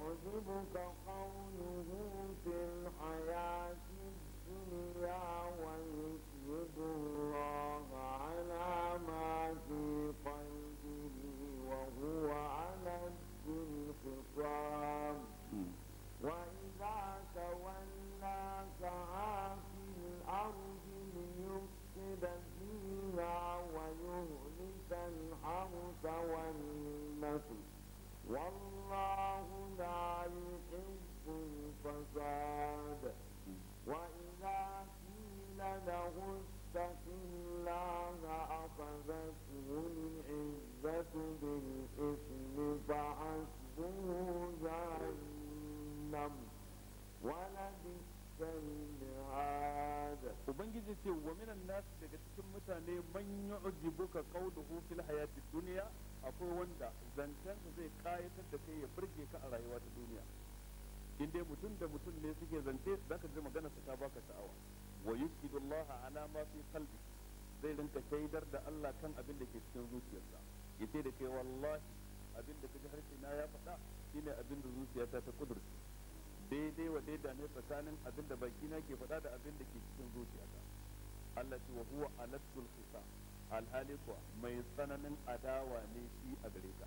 يعجبك قوله في الحياة الدنيا ويشهد الله على ما في قلبه وهو على الخصام وإذا تولى سعى في الأرض ليفسد فيها ويهلك الحرث والنسل والله لا يحب الفساد وإذا قيل له اتق الله أخذته العزة بالإثم فحسبه جهنم ولبئس المهاد Ubangiji ce wa minan nasu daga cikin mutane man yu'jibuka qawluhu fil hayati duniya. ko wanda zancensa zai kayatar da kai ya burge ka a rayuwa ta duniya in dai mutum da mutum ne suke zance zaka ji magana ta baka sha'awa wa yushidu Allah ala ma fi qalbi zai rinka shaidar da Allah kan abin da ke cikin zuciyarsa yace da kai wallahi abin da kaji harshe na ya faɗa shine abin da zuciyata ta kudurce daidai wa daida ne tsakanin abin da baki na ke faɗa da abin da ke cikin zuciyata Allah ce wa huwa alatul alhali kuwa mai tsananin adawa ne shi a gare ka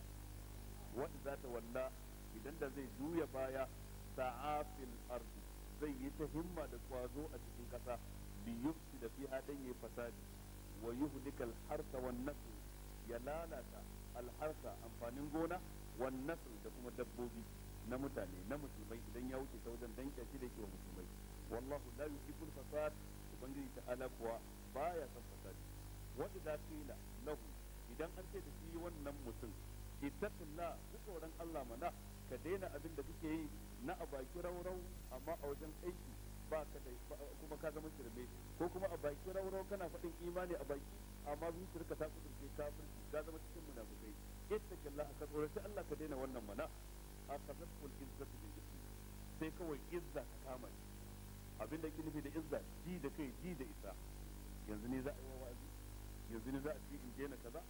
wanda za ta walla idan da zai juya baya sa'afil ardu zai yi ta himma da kwazo a cikin kasa bi da fiha dan yi fasadi wa yuhdika al-harsa wan nasl ya lalata al-harsa amfanin gona wan nasl da kuma dabbobi na mutane na musulmai idan ya wuce ta wajen danka shi da ke musulmai wallahu la yuhibbul fasad ubangiji ta'ala kuwa baya son fasadi wadda za su yi lahu idan an ce da shi wannan mutum ittaqilla ku tsoron Allah mana ka daina abin da kake yi na a baki raurau amma a wajen aiki ba ka da kuma ka zama shirme ko kuma a baki raurau kana faɗin imani a baki amma zuciyarka ta kudurce kafirci ka zama cikin munafikai ittaqilla ka tsoraci Allah ka daina wannan mana a akazatul izzatu bil ismi sai kawai izza ta kama abin da ke nufi da izza ji da kai ji da ita yanzu ne za a yi wa wa'azi yanzu ne za a ce in daina kaza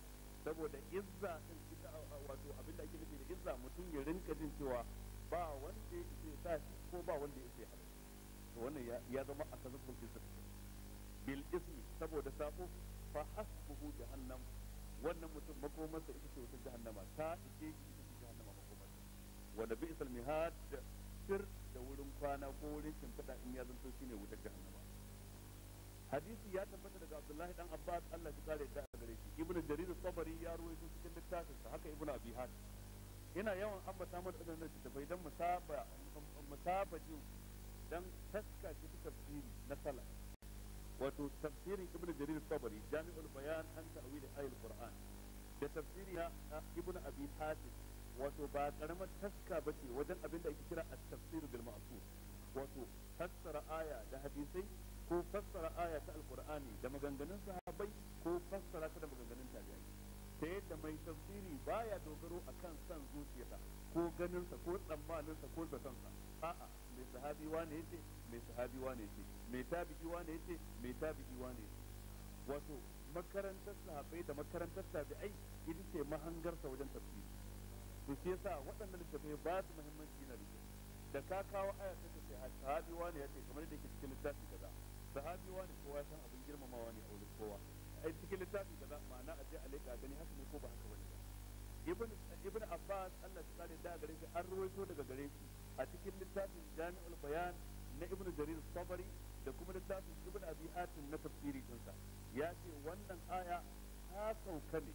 saboda izza din ita wato abin da ake nufi da izza mutum ya rinka jin cewa ba wanda ya sa shi ko ba wanda ya hana to wannan ya zama a kaza ko izza bil ismi saboda sako fa hasbuhu jahannam wannan mutum makomarsa ita ce wutar jahannama ta ike shi ita ce jahannama makomarsa wanda bi isal mihad sir da wurin kwana ko wurin shimfiɗa in ya zanto shine wutar jahannama hadisi ya tabbata daga abdullahi dan abbas Allah ya kare da gare shi ibnu jarir sabari ya ruwaito cikin littafin sa haka ibnu abi hatim ina yawan ambata mata da nan da bai dan musaba musaba ji dan taska ce ta tafsiri na sala wato tafsirin ibnu jarir sabari jami'ul bayan an ta'wil ayatul qur'an da tafsiri na ibnu abi hatim wato ba karamar taska bace wajen abin da ake kira at-tafsir bil ma'qul wato fassara aya da hadisai ko fassara aya ta alqur'ani da maganganun sahabbai ko fassara ta da maganganun tabi'ai ta yadda mai tafsiri baya dogaro akan san zuciyarsa ko ganinsa ko tsammaninsa ko zatonsa a'a mai sahabi wane yace mai sahabi wane yace mai tabi'i wane yace mai tabi'i wane yace wato makarantar sahabbai da makarantar tabi'ai ita ce mahangarsa wajen tafsiri to shi yasa waɗannan littafai ba su muhimmanci na da da ka kawo aya ta ce sahabi wane yace kamar da ke cikin littafi kaza sahabi wani kowa san abin girmamawa ne a wurin kowa ai cikin littafi da za ma'ana a je a leƙa gani haka ne ko ba haka bane ba ibn ibn abbas Allah ya tsare da gare shi an ruwaito daga gare shi a cikin littafin jami'ul bayan na ibn jarir sabari da kuma littafin ibn abi hatim na tafsiri dinsa ya ce wannan aya ta sauka ne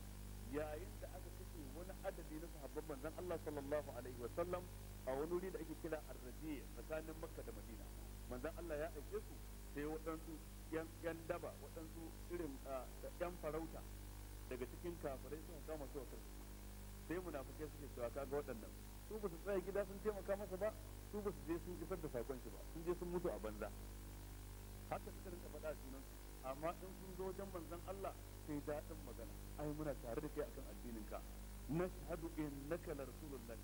yayin da aka kashe wani adadi na sahabban manzon Allah sallallahu alaihi wa sallam a wani wuri da ake kira ar tsakanin Makka da Madina manzon Allah ya aike su sai waɗansu yan daba waɗansu irin ah, yan farauta daga cikin kafirai suka kama su kai sai munafikai suke cewa ga waɗannan su ba su tsaye gida sun taimaka masa ba su ba su je sun isar da saƙon shi ba sun je sun mutu a banza haka suka rinka faɗa a sunan su amma in sun zo wajen manzon Allah sai daɗin magana ai muna tare da kai akan addinin ka nashhadu innaka la rasulullah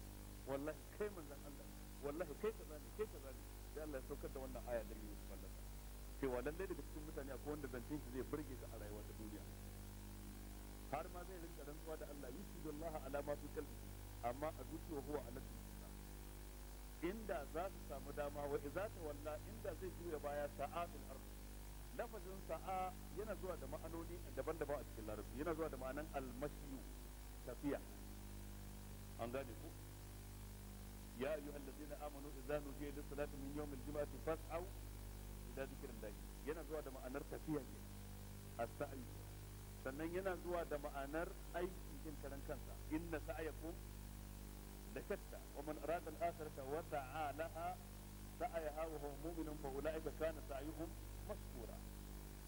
wallahi kai manzon Allah wallahi kai kaza ne kai kaza ne sai Allah ya saukar da wannan aya da fallasa cewa lallai daga cikin mutane akwai wanda zancen shi zai burge ka a rayuwa ta duniya har ma zai rinka rantsuwa da Allah yusubillah ala ma su qalbi amma a zuciya huwa ala inda za su samu dama wa ta walla inda zai juya baya sa'atul ard lafazin sa'a yana zuwa da ma'anoni daban-daban a cikin larabci yana zuwa da ma'anan almasiyu tafiya an gane ku ya ayyuhallazina amanu idza nudiya lis-salati min yawmil jum'ati fas'au ila zikirin lahi yana zuwa da ma'anar tafiya ne as-sa'i sannan yana zuwa da ma'anar aiki din karan kansa inna sa'yakum la shatta wa man arada al-akhirata wa sa'a laha wa huwa mu'minun fa ulaika kana sa'yuhum mashkura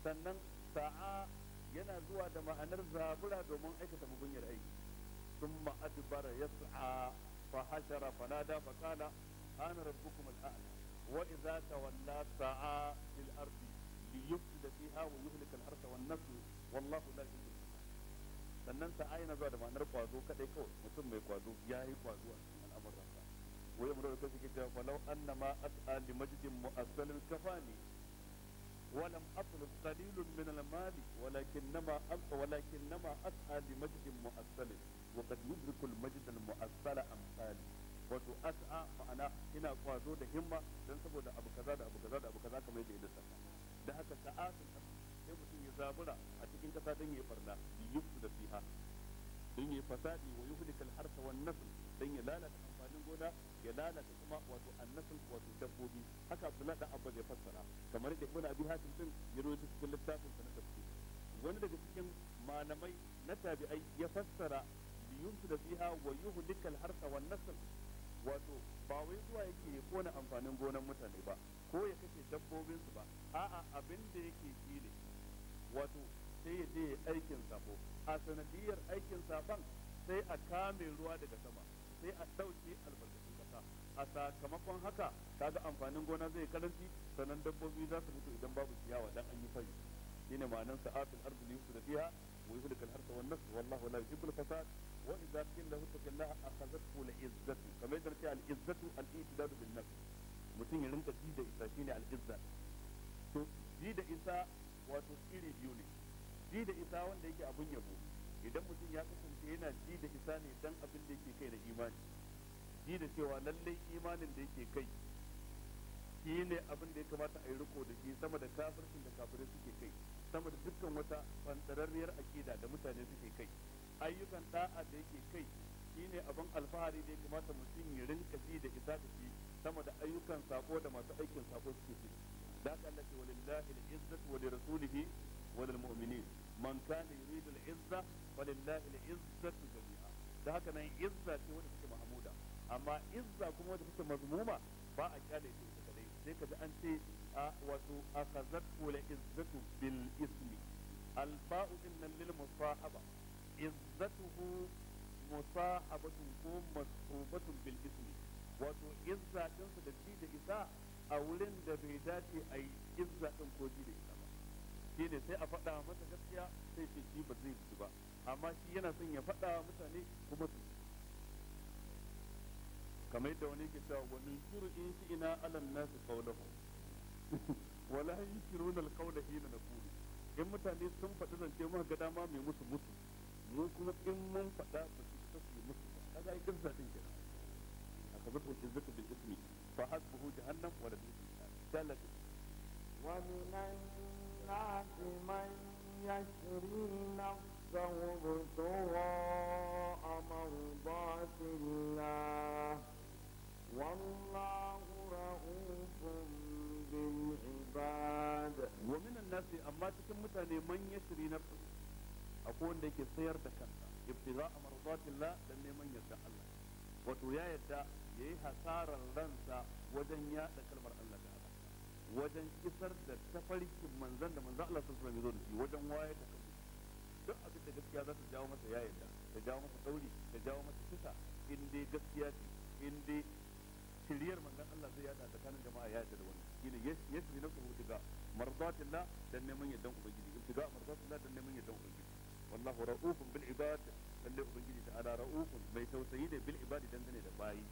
sannan sa'a yana zuwa da ma'anar zabura domin aikata mugunyar aiki thumma adbara yas'a fa hashara fanada fa qala ana rabbukum al-a'la وإذا تولى سعى في الأرض ليفسد فيها ويهلك الحرث والنسل والله لا يحب sannan sa aina zuwa da ma'anar kwazo kadai kawai mutum mai kwazo ya yi kwazo a cikin al'amuran sa wai mu da kake cewa falau anna as'a li majdin mu'assalil kafani ولم أطلب قليل من المال ولكنما ولكنما أسعى لمجد مؤصل وقد يدرك المجد المؤصل أمثالي wato as'a ma'ana ina kwazo da himma dan saboda abu kaza da abu kaza da abu kaza kamar yadda ya lissafa da haka sa'atun sai mutum ya zabura a cikin kasa dan yayi farna yufsu da fiha dan yayi fasadi wa yuhlikal harsa wan nasl dan ya lalata amfanin gona ya lalata kuma wato annasul wato dabbobi haka Abdullah da Abba zai fassara kamar da Ibn Abi Hatim din ya rawaito cikin littafin sa na tafsir wani daga cikin malamai na tabi'ai ya fassara yumsu da fiha wa yuhlikal harsa wan nasl wato ba wai zuwa yake ya kona amfanin gonan mutane ba ko ya kashe dabbobinsu ba a'a abin da yake shi ne wato sai ya je aikin sabo a sanadiyar aikin saban sai a kame ruwa daga sama sai a dauke albarkatun ƙasa a sakamakon haka kaga amfanin gona zai karanci sanan dabbobi za su mutu idan babu ciyawa dan an yi fari shine ma'anar sa'atul ardi yusra fiha wa yuhlikal harsa wan nasr wallahu la yuhibbul fasad وإذا idza له lahu taqillaha akhadhathu al izzatu kamar yadda العزة al بالنفس متين itidadu جيدة nafs mutum ya rinka ji da isa shine al izza to ji da isa wato biyu ne ji da isa wanda yake abun yabo idan mutum ya kasance yana ji da isa ne dan abin da yake kai na imani ji da cewa lallai imanin da yake kai shi ne abin da ya kamata a yi riko da shi sama da kafircin da kafirai suke kai sama da dukkan wata fantararriyar akida da mutane suke kai ayyukan da'a da yake kai shi shine abin alfahari da ya kamata mutum ya rinka ji da isa da shi sama da ayyukan sako da masu aikin sako suke ji da haka Allah ce walillahi al-izzatu wa lirasulihi wa lilmu'minin man kana yuridu al-izza falillahi al-izzatu jami'a da haka nan izza ce wanda take mahmuda amma izza kuma wanda take mazmuma ba a kyale ta ita kadai sai kaji an ce wato akhazat wal izzatu bil ismi al-ba'u innal lil musahaba izzatuhu musahabatun ko mas'ubatun bil ismi wato izza dinsa da ci da isa a wurin da bai dace a yi izza din ko ji da isa ba shi ne sai a faɗa masa gaskiya sai shi shi ba zai ji ba amma shi yana son ya faɗa mutane kuma su kamar yadda wani ke cewa wani shiru in shi ina alan nasu kaulahu wala yi yushiruna ina na naqulu in mutane sun faɗi zance muka ga dama mai musu musu mun kuma in mun faɗa ba su ta su yi musu ba kaga ai kansa din kenan akazatu al-izzatu bil ismi fa hasbuhu jahannam wa lam yusal ومن الناس من يشري نفسه ابتغاء مرضات الله والله رؤوف بالعباد ومن الناس أما تكن متاني من يشري نفسه akwai wanda yake sayar da kansa ibtiza mardatillah dan neman yarda Allah wato ya yarda yi hasaran ransa wajen yada kalmar Allah Allah wajen kisar da tafarkin manzon da manzon Allah sallallahu alaihi wasallam wajen wayar da kan duk abin da gaskiya za ta jawo masa ya yarda ta jawo masa dauri ta jawo masa kisa in dai gaskiya ce in dai shiriyar manzon Allah zai yada tsakanin jama'a ya yarda da wannan shine yasri nafsuhu daga mardatillah dan neman yardan ubangiji ibtiga mardatillah dan neman yardan ubangiji wallahu ra'ufun bil ibad lalle ubangiji ta ala ra'ufun mai tausayi ne bil ibad dangane da bayi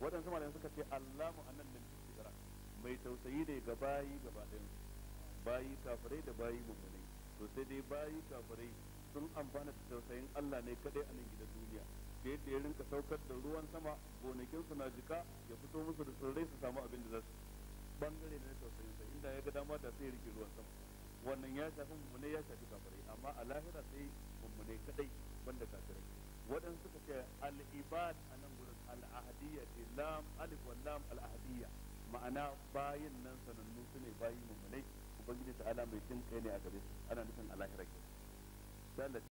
waɗansu malamai suka ce allahu annan lil istidrak mai tausayi ne ga bayi gaba ɗayan da to sai dai bayi kafirai sun amfana da tausayin Allah ne kadai a nan gidan duniya da yadda ya rinka saukar da ruwan sama gonakin su na jika ya fito musu da tsirrai su samu abin da za su bangare na tausayin sa inda ya ga dama da sai rike ruwan wannan ya shafi mummune ya shafi kafirai amma a lahira sai mummune kadai banda kafirai waɗansu suka ce al-ibad a nan gurin al-ahadiyya ce lam alif wal lam al-ahadiyya ma'ana bayin nan sanannu su ne bayi mummune ubangiji ta'ala mai cin kai ne a gare su ana nufin a lahira ke